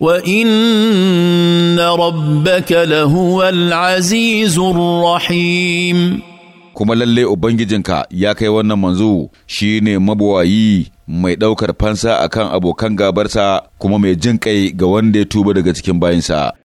وان ربك لهو العزيز الرحيم kuma lalle ubangijinka ya kai wannan manzo shine mabuwayi mai ɗaukar fansa akan abokan gabarsa kuma mai jin kai ga wanda ya tuba daga cikin bayinsa